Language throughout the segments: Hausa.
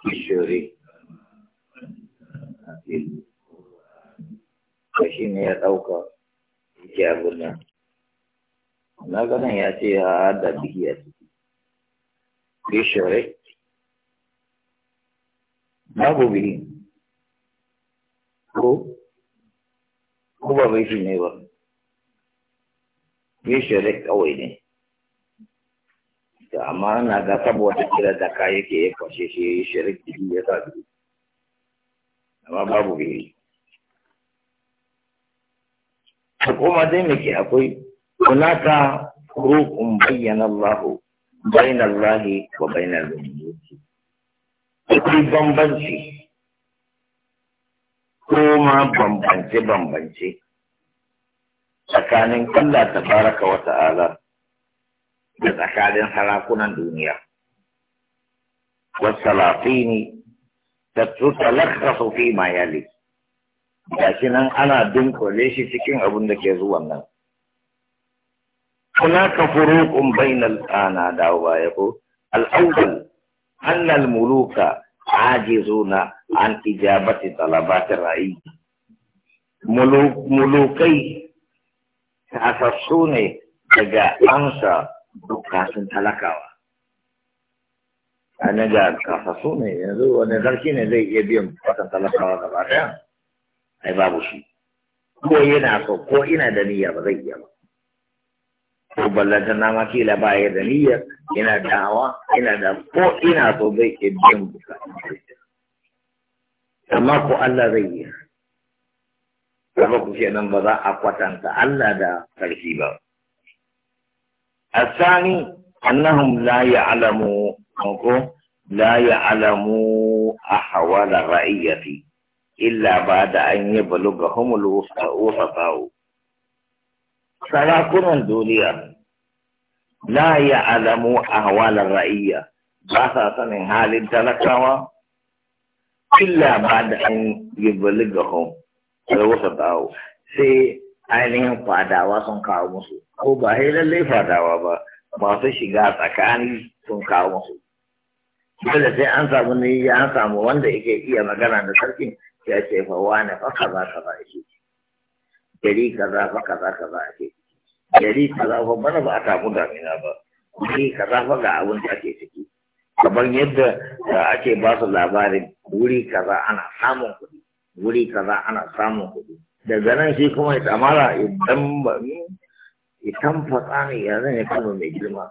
kishiri shi ne ya ɗauka yake abin nan na ganin ya ce ya hada biki a ciki kishiri babu biki ko ko ba bai shi ne ba kishiri kawai ne da amma na ga saboda kira da ka yake ya kwashe shi ya yi shirik jiki ya sa su amma babu biri ta kuma dai me ke akwai hunaka rukun bayyana Allah bayan Allah wa bayan al akwai bambanci ko ma bambance bambance tsakanin Allah Baraka wa ta'ala da tsakanin sarakunan duniya. ne ta tutsalaka fi ma yali, da shi nan ana dunkule shi cikin abin da ke zuwan nan. Kuna ka furu kumbain al'ana da wa ya ko, al'awal, annal muluka aji zuna an ijabati talabati rai. Mulukai, ta ne daga amsa sun talakawa ana ga kafaso ne yanzu wani zarki ne zai iya biyan watan talakawa ba daya ai babu shi ko yana so ko ina da niyya ba zai iya ba ko ballanta na ma kila ba ya da niyya ina da hawa ina da ko ina so zai iya biyan bukatun amma ko Allah zai yi Kuma ku nan ba za a kwatanta Allah da sarki ba. الثاني أنهم لا يعلموا لا يعلموا أحوال الرعية إلا بعد أن يبلغهم الوسطاء sarakunan duniya la ya alamu ahwalar ra'iyya ba sa sanin halin talakawa illa ba da an ainihin fadawa sun kawo musu ko ba sai lallai fadawa ba masu shiga tsakani sun kawo musu dole sai an samu ne an samu wanda yake iya magana da sarkin ya ce fa wani fa kaza kaza yake gari kaza fa kaza kaza yake gari kaza fa bana ba a samu damina ba gari kaza fa ga abin da ake ciki kamar yadda eh, ake ba su labarin wuri kaza ana samun kuɗi wuri kaza ana samun kuɗi daga nan shi kuma ya tsamara idan ba idan fatsa ne ya zan ya kama mai girma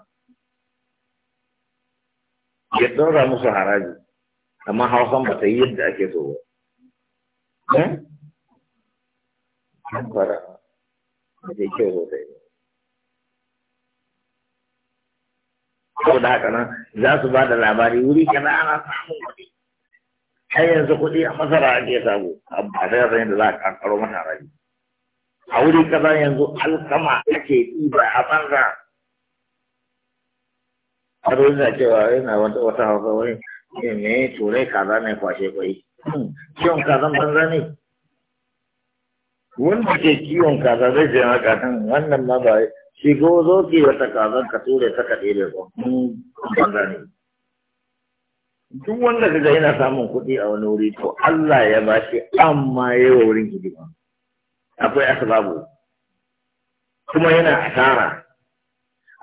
ya ɗora musu haraji amma hausan ba ta yi yadda ake so ba kamfara eh? da haka nan za su ba da labari wuri kaza ana samun kuɗi har yanzu kuɗi a masara ake samu ba sai yasa yadda za a kankaro mana rai a wuri kaza yanzu alkama ake ɗiba a banza a wani cewa yana wata wata hausa wani ne eh, me turai kaza ne kwashe kwai hmm, kiwon kazan banza ne wanda ke kiwon kaza zai ce maka nan wannan ma ba shigo zo ke wata kazan ka ture ta kaɗe da kwan hmm, banza ne duk wanda kaga yana samun kuɗi a wani wuri to Allah ya ba shi amma wa wurin hidima akwai asbabu kuma yana asara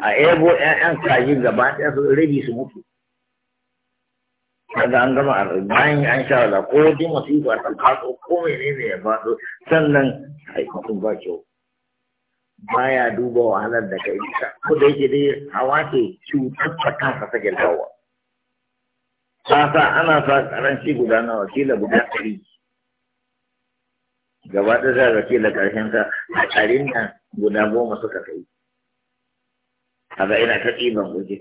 a ebo ƴaƴan kaji gaba ɗaya su rabi su mutu kaga an gama bayan an sha da ko wajen masifa ta kaso ko menene ya faɗo sannan ai mutum ba kyau baya duba wahalar da kai ko da yake dai hawa ce cutar ta kansa take dawowa sasa ana sa karanci guda na wakila guda ɗari gaba ɗaya za a wakila ƙarshen ka a ɗarin nan guda goma suka kai A ga ina ta ɗiban waje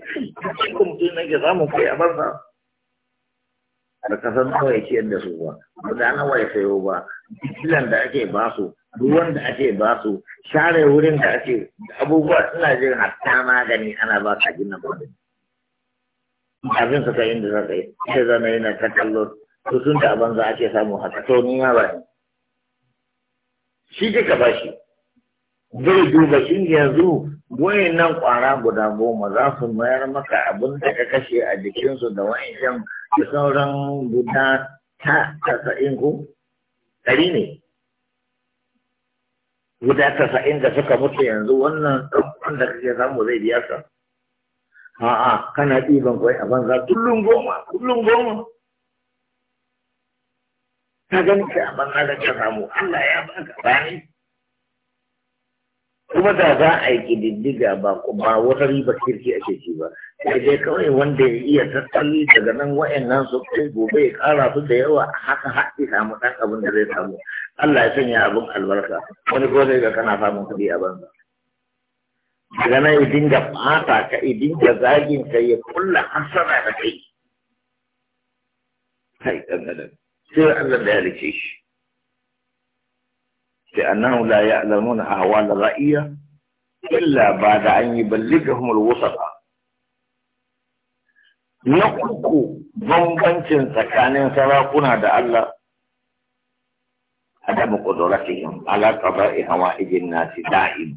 ko mutum na ke samun kai a banza da kasan nawa ya ciyar da su ba guda nawa ya sayo ba kilan da ake ba su ruwan da ake ba su share wurin da ake abubuwa suna jin hatta magani ana ba ka gina magani abin ka inda za ka yi sai zama yana ta kallo to sun da abin za ce samu haka to ni ya ba shi kika ba shi zai duba shi yanzu wayan nan kwara guda goma za su mayar maka abin da ka kashe a jikinsu da wayan da sauran guda ta tasa'in ko ɗari ne guda tasa'in da suka mutu yanzu wannan ɗan da kake samu zai biya sa. a'a kana ɗiban kwai a banza kullum goma kullum goma ta gani ka a banza da ta samu Allah ya baka bani kuma da za a yi ƙididdiga ba ba wata riba kirki ake ci ba sai dai kawai wanda ya iya tattali daga nan wa'annan su kai gobe ya ƙara su da yawa haka haɗi samu ɗan abin da zai samu Allah ya sanya abin albarka wani ko zai ga kana samun kuɗi a banza daga idin da dinga fata ka idin dinga zagin ka ya kulla hasara da kai sai dan sai Allah da ya shi sai annahu la ya'lamun ahwal ra'iya illa ba'da an yi al-wusata na uku bambancin tsakanin sarakuna da Allah adamu qudratihim ala qada'i hawa'ijin nasi da'im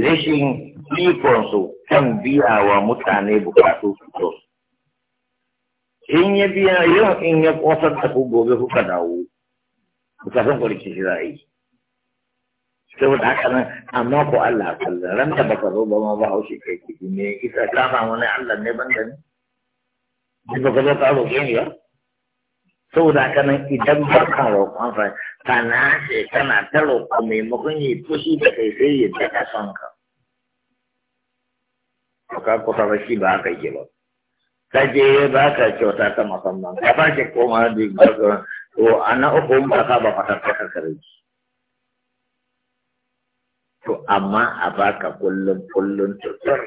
rashin ikonsu kan biya wa mutane bukatu su in ya biya yau in ya kosar da ku gobe kuka dawo bukatun kwarki shi za a yi saboda haka nan amma ko Allah a kalla ran da baka zo ba ma ba a wuce kai kiki ne isa ka samu ne Allah ne ban da ni. ba ka zo ka zo roƙe ni ba saboda haka nan idan ba ka roƙon fa ka nace kana ta roƙo maimakon yi fushi da kai sai ya daɗa son ka ka kusa ba shi ba haka yake ba ka je ba ka kyauta ta musamman ka ba ke koma da gaggawa to na uku ba ka ba fatar ka karkare to amma a ba ka kullum kullum tutur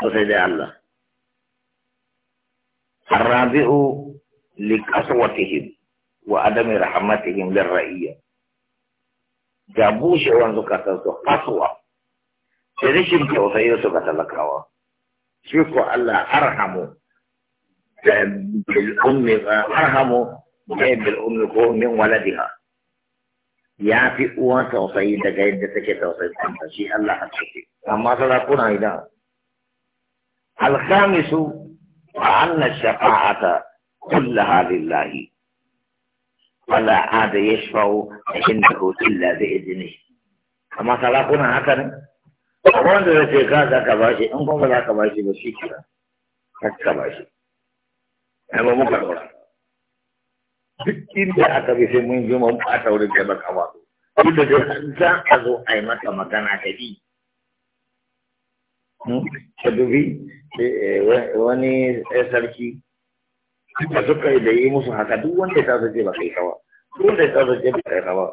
Ko sai dai Allah Rabi'u. لقسوتهم وعدم رحمتهم للرعية جابوش وانزو كتنسو قسوة ترشم كوسيو سكتلكوا شكو الله أرحمو بالأم أرحمه بالأم كو من ولدها يا في أوان tausayi daga yadda take tausayi kanta الله Allah أما ciki amma sarakuna idan alkhamisu wa كلها لله ولا عاد يشفع عنده إلا بإذنه كما صلاحنا هكذا أقول لك كذا كباشي أنكم فلا كباشي بشيكرا كذا كباشي أما مكرر duk inda aka bi sai mun ji mun fata wurin da baka ba duk da za a zo a yi mata magana ta bi ta wani sarki da suka yi da yi musu haka duk wanda ta zaje ba kai kawa duk wanda ta zaje ba kai kawa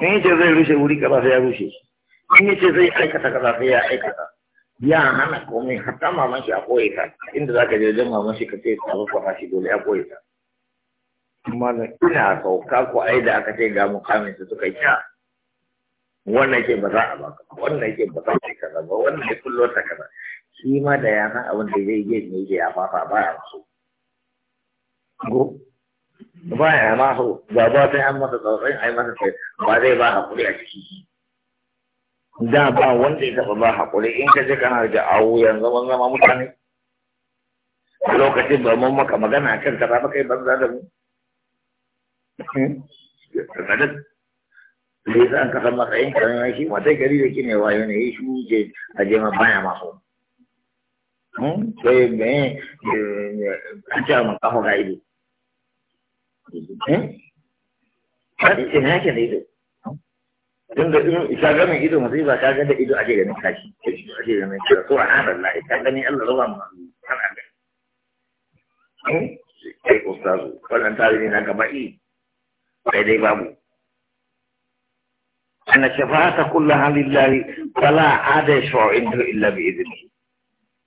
in yace zai rushe wuri kaza sai ya rushe shi in yace zai aikata kaza sai ya aikata ya hana komai hatta maman shi a koyi ta inda za ka je wajen maman shi ka ce ka zo ka shi dole a koyi ta amma ina sauka ko ai da aka ce ga mu kamin su suka yi wannan ke ba za a baka wannan ke ba za a kaza ba wannan ke kullo ta kaza shi ma da ya san abin da zai yi ne ya fafa ba ya so go ba ya ma ho ba ba sai an masa tsautsayin ai masa sai ba zai ba hakuri a ciki da ba wanda ya taba ba hakuri in ka je kana da awu yanzu mun zama mutane lokacin ba mun maka magana kan ka ba kai banza da mu da yasa an kasar matsayin karamin shi wata gari da kine wayo ne yi shi je a je ma baya maso hmm? sai me an ce mun kafa ga ido eh hadisi ina ke da ido tun da in ka gami ido mutum ba ka gada ido ake ganin kashi ake ganin kira ko an Allah ka gani Allah ruwa mu an an kai ustazu wannan tarihi na gaba i sai dai babu أن الشفاعة كلها لله فلا عاد يشفع عنده إلا بإذنه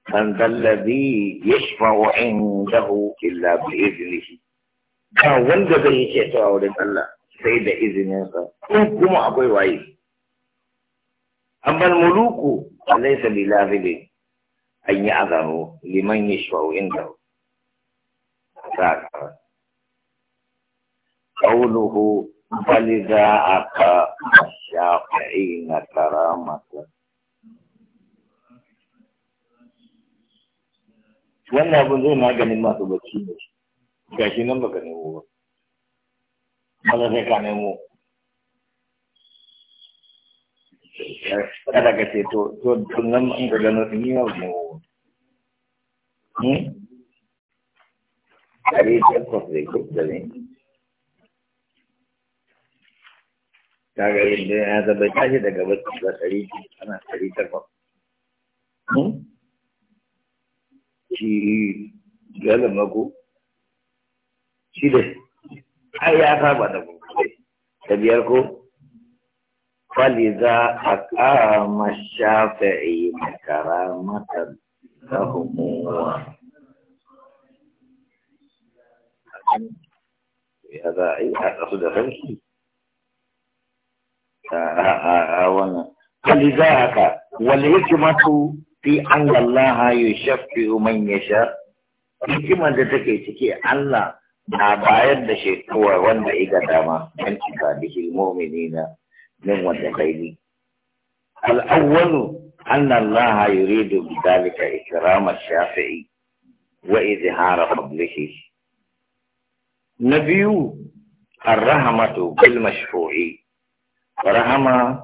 من ذا الذي يشفع عنده إلا بإذنه ba wanda zai yi ceto a wurin Allah sai da izininsa in kuma akwai waye amma muluku alaysa bilazibi an yi azanu liman yashfa'u inda ta قوله فلذا shafi na كرامة wannan abin zai maganin masu bacci ne gashi nan baka nemo ba maza sai ka nemo kada ka ce to to tun nan in ka gano sun ma ba nemo ba hmm? kare takwas da ke da ne ta gari da ya zaba tashi daga bacci ba tsari ana tsari takwas hmm? shi ya zama ko shi da ai ya saba da mu da biyar ko faliza aqama shafi'i karamatan lahum wa ya za a yi haɗa su da sarki a wannan faliza haka wal hikmatu fi an Allah ya shafi man yasha hikimar da take ciki Allah na bayar da shi kawai wanda iga dama an cika da shi mu'minina min wanda kaili al-awwalu anna Allah yuridu bi dhalika ikram ash-shafi'i wa izhara fadlihi nabiyu ar-rahmatu bil mashfu'i rahama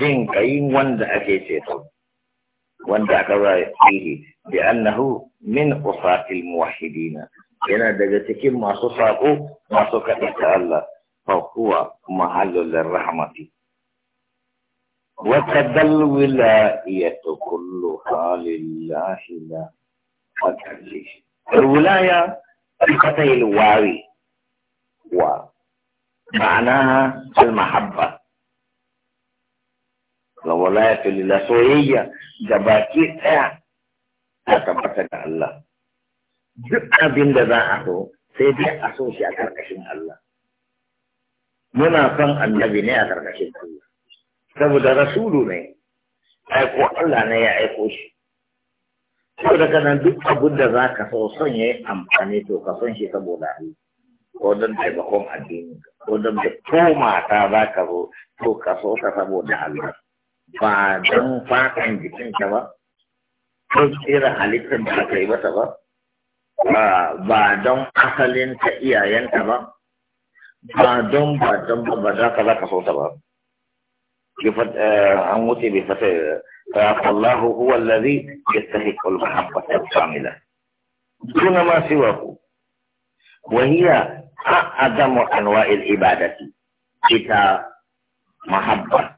jin kai wanda ake ceto wanda aka ba fihi bi annahu min usatil muwahhidina yana daga cikin masu saƙo masu kaɗaita Allah fahuwa mahallul rahmati wa tadallu wilayatu kullu halillahi la fatalli الولاية بقطع الواوي ومعناها المحبة الولاية لله سوية جباكي تثبت الله duk abin da za a so sai dai a so shi a karkashin Allah muna son annabi ne a karkashin Allah saboda rasulu ne aiko Allah ne ya aiko shi saboda kanan duk abin da za ka so son ya yi amfani to ka son shi saboda Allah ko don taimakon addini ko don da koma ta za ka zo to ka so ka saboda Allah ba don fatan jikinka ba ko tsira halittar da aka yi mata ba ba don asalin ta iyayenta ba ba don ba don ba ba za ka za ka ba فالله هو الذي يستحق المحبة الكاملة دون ما سواه وهي أعظم أنواع العبادة إذا محبة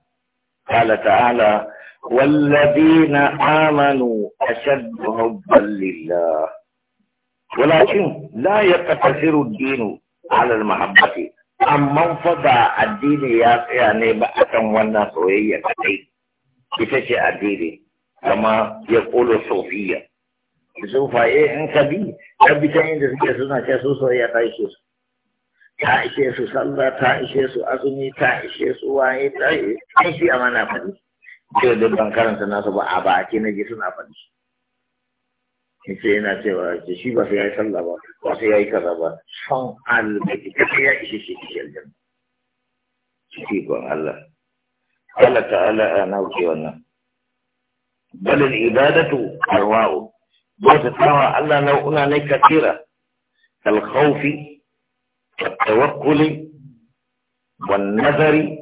قال تعالى والذين آمنوا أشد حبا لله ولكن لا يقتصر الدين على المحبة amma fa ba addini ya tsaya ne ba a kan wannan soyayya kadai ita ce addini kama ya kolo sofiya sufaye in ka bi ka bi ta inda suna ce su soyayya ta ishe ta ishe su sallah ta ishe su azumi ta ishe su waye ta ishe shi amana faɗi ce da ban karanta nasu ba a baki na faɗi yace yana cewa ce shi ba sai ya yi sallah ba ba sai ya yi kaza ba son albaiti kace ya ishe shi cikin aljanna shi ban Allah Allah ta'ala ana wuce wannan bal al-ibadatu arwa'u bauta tawa Allah nau'una ne kathira kal khawfi wat tawakkuli wan nadari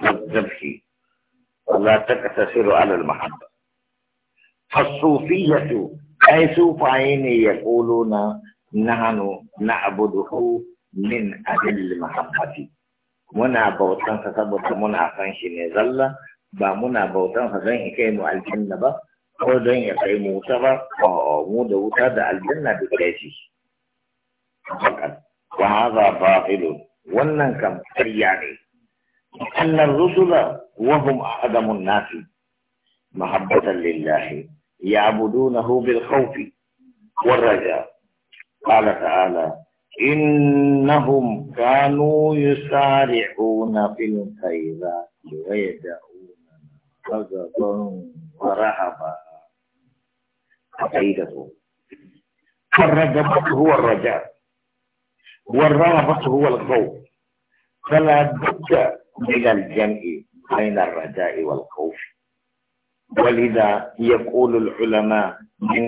wat dhabhi ولا تقتصر على المحبة فالصوفية ai sufaye ne ya ƙolo na na nahanu na abu duhu min adil mahabbati muna bautan sa saboda muna san shi ne zalla ba muna sa don ya kai mu aljanna ba ko don ya kai mu wuta ba mu da wuta da aljanna duk da shi wa hadha batilun wannan kam ƙarya ne annar rusula wa hum a'damun nasi mahabbatan lillahi يعبدونه بالخوف والرجاء قال تعالى إنهم كانوا يسارعون في الخيرات ويدعون غضبا ورهبا عقيدته فالرغبة هو الرجاء والرهبة هو الخوف فلا بد من الجمع بين الرجاء والخوف ولذا يقول العلماء من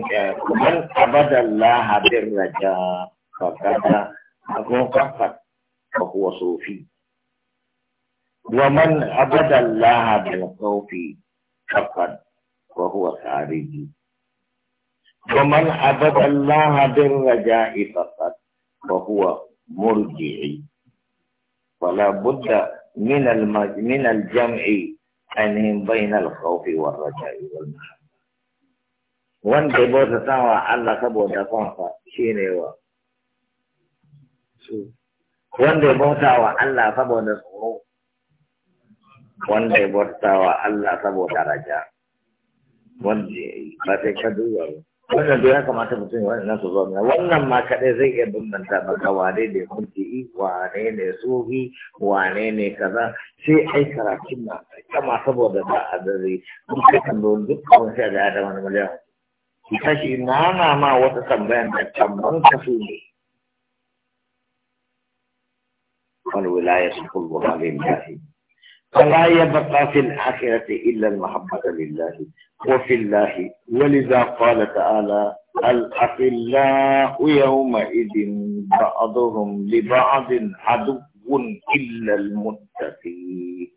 من عبد الله بالرجاء فقد أكون فهو صوفي ومن عبد الله بالخوف فقد وهو خارجي ومن عبد الله بالرجاء فقد فهو مرجعي فلا بد من من الجمع ainihin bainal khawfi war raja'i wal mahabba wanda ya bauta sawa Allah saboda kansa shine wa su wanda ya bauta wa Allah saboda tsoro wanda ya bauta wa Allah saboda raja wanda ba sai ka duba ba wannan da ya kamata mutum wannan su wannan ma kaɗai zai iya bambanta maka wane ne mulki wane ne sufi wane ne kaza sai ai karatun na kama saboda ba a dare duk ka kallo duk kawai sai da adam wani miliyan ki tashi na na ma wata tambayar da tambayar ka su ne wani wilaya su kulwa halin jahili فلا يبقى في الآخرة إلا المحبة لله وفي الله ولذا قال تعالى الأخلاء يومئذ بعضهم لبعض عدو إلا المتقين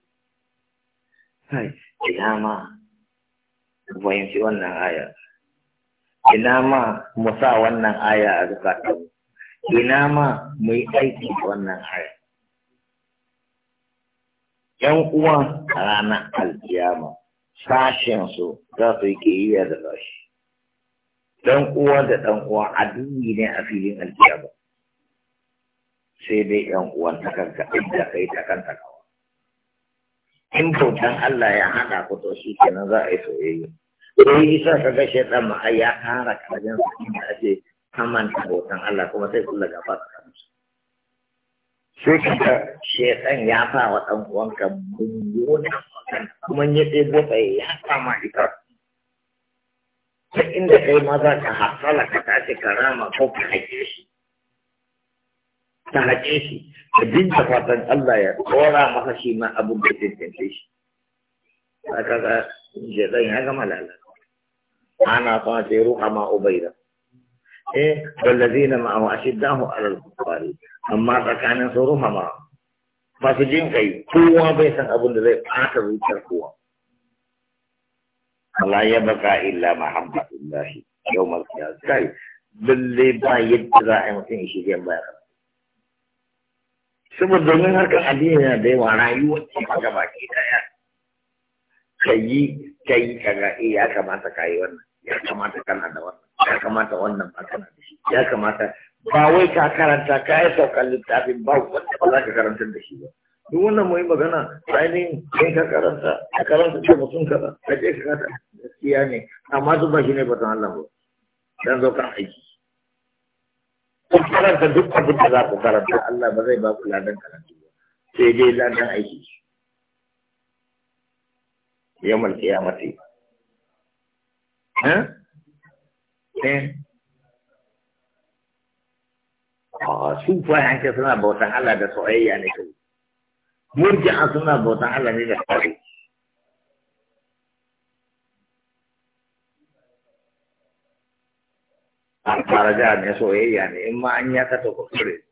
إلى ما fahimci wannan آية ina ma mu sa wannan aya a zukatan ina ma mu yan uwan ranar alkiyama sashen su za su yi kiyaye da sashi dan uwa da ɗan uwa a ne a filin alkiyama sai dai yan uwan ta kanka inda kai ta kanta kawa in bautan Allah ya hada ku to shi kenan za a yi soyayya sai isa ka ga shaidan ma ya kara kajin su inda ake kamanta bautan Allah kuma sai kula gaba ta musu sai ka ga shekan ya fa wa ɗan uwanka mummunan kuma ya ɗebo tsaye ya kama ita ta inda kai ma za ka hasala ka tashi ka rama ko ka haƙe shi ta haƙe shi ka fatan Allah ya tsora masa shi ma abin da zai tantance shi ka ga shekan ya gama lalata ana son ta ruha ma ubaida eh ma ma'ahu ashiddahu 'ala al-kuffari amma tsakanin su hama ba su jin kai kowa bai san abin da zai fata zuciyar kowa Allah ya baka illa mahabbatullahi ma ya kai lalle ba yadda za a yi mutum ya shirya baya saboda domin harkar addini na da yawa rayuwar ce ga baki daya ka yi ka yi ka ga eh, ya kamata ka yi wannan ya kamata kana da wannan ya kamata wannan magana da shi ya kamata ba wai ka karanta ka yi saukan littafin ba wanda ba za ka karanta da shi ba duk wannan mu magana ainihin in ka karanta ka karanta ce mutum kaza ka je ka karanta gaskiya ne amma su ba shi ne ba Allah ba dan zo kan aiki sun karanta duk abin da za ku karanta Allah ba zai ba ku ladan karatu ba sai dai ladan aiki yamal kiyamati eh eh a su fa an ce suna bautan Allah da soyayya ne to murji'a suna bautan Allah ne da kare an fara ja ne soyayya ne in ma an ya ka to kuskure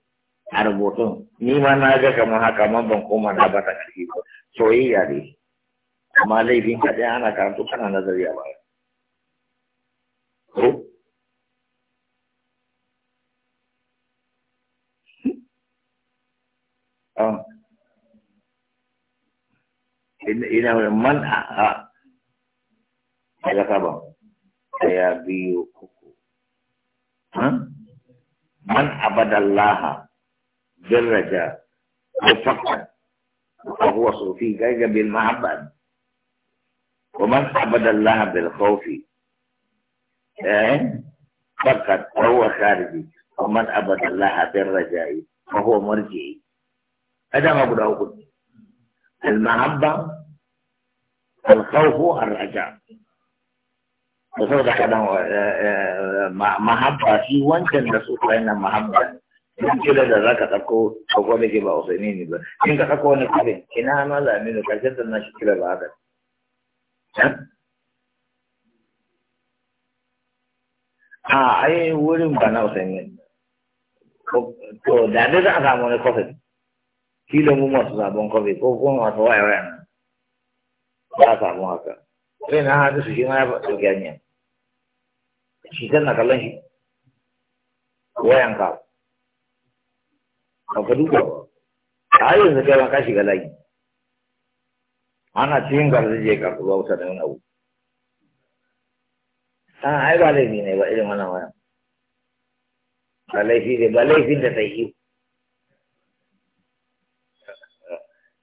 a ni ma na ga kamar haka man ban koma na ba ta karfi ba soyayya ne amma laifin ka dai ana karatu kana nazari a baya اه ina man a daga kaba daya biyu uku man abadallaha birraja ko fakkan فهو صوفي جاي بالمعبد ومن عبد الله بالخوف ايه فقط فهو خارجي ومن عبد الله بالرجاء فهو مرجئي a dama guda uku ne al-mahabba al-khawfu ar-raja da kadan eh, eh, mahabba shi wancan da su nan mahabba in kila da za ka ɗauko ɗauko da ke ba usaini ne ba in ka ɗauko wani kirin ina ma laminu karshen da na shi kila ba haka a ah, ai wurin ba na usaini to da dai za a samu wani kofin kila mu masu sabon kwafi ko kuma masu waya waya nan ba a samu haka sai na hadu su shi ma ya ɗauki hanya shi kan na kallon shi wayan ka ba duka ba a yi kai ban ka shiga layi ana cikin garzaje karɓi ba wuta da abu an ai ba laifi ne ba irin wannan wayan ba laifi ne ba laifin da ta yi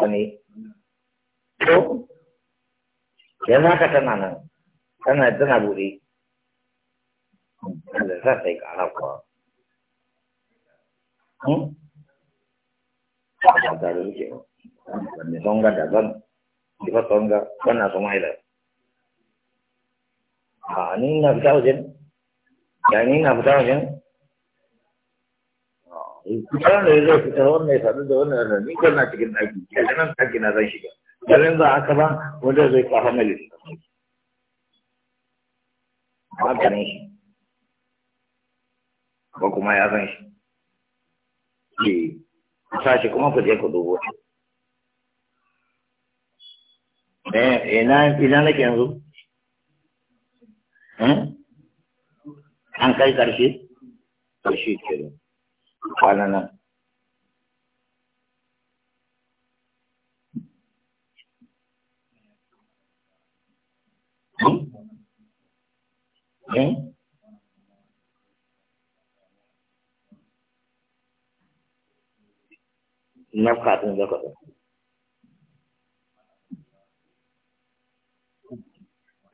ka ne to yanzu haka tana nan tana tana buɗe da za ta yi ƙara kuwa ba ta da suke ba ne songa daban ki fa songa wannan su ma'ila a ni na fita wajen ya ni na fita wajen kusan da zai fita wannan ya sadu da wannan da ni na cikin ɗaki daga nan ɗaki na zai shiga garin za haka ba wanda zai kafa mai lissafi maganin shi ko kuma ya san shi ke sa shi kuma ku je ku dubo eh, ina ina nake yanzu hmm? an kai ƙarshe ƙarshe kenan kwana nan Hmm? hmm? nafka zaka ɗin.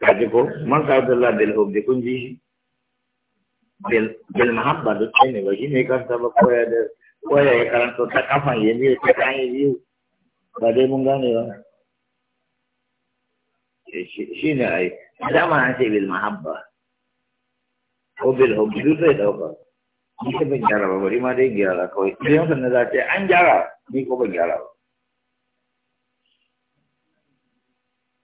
Kaji ko, man ka Abdullah bil Hubdi kun ji shi? bil mahabba duk sai ba shi ne karanta ba koya da koya ya karanta ta kafan ya biyu ta kayan biyu ba dai mun gane ba eh, shi ne ai dama an ce bil ko bil hubbi duk dauka ni ta ba ma dai na za an gyara ni ko ban ba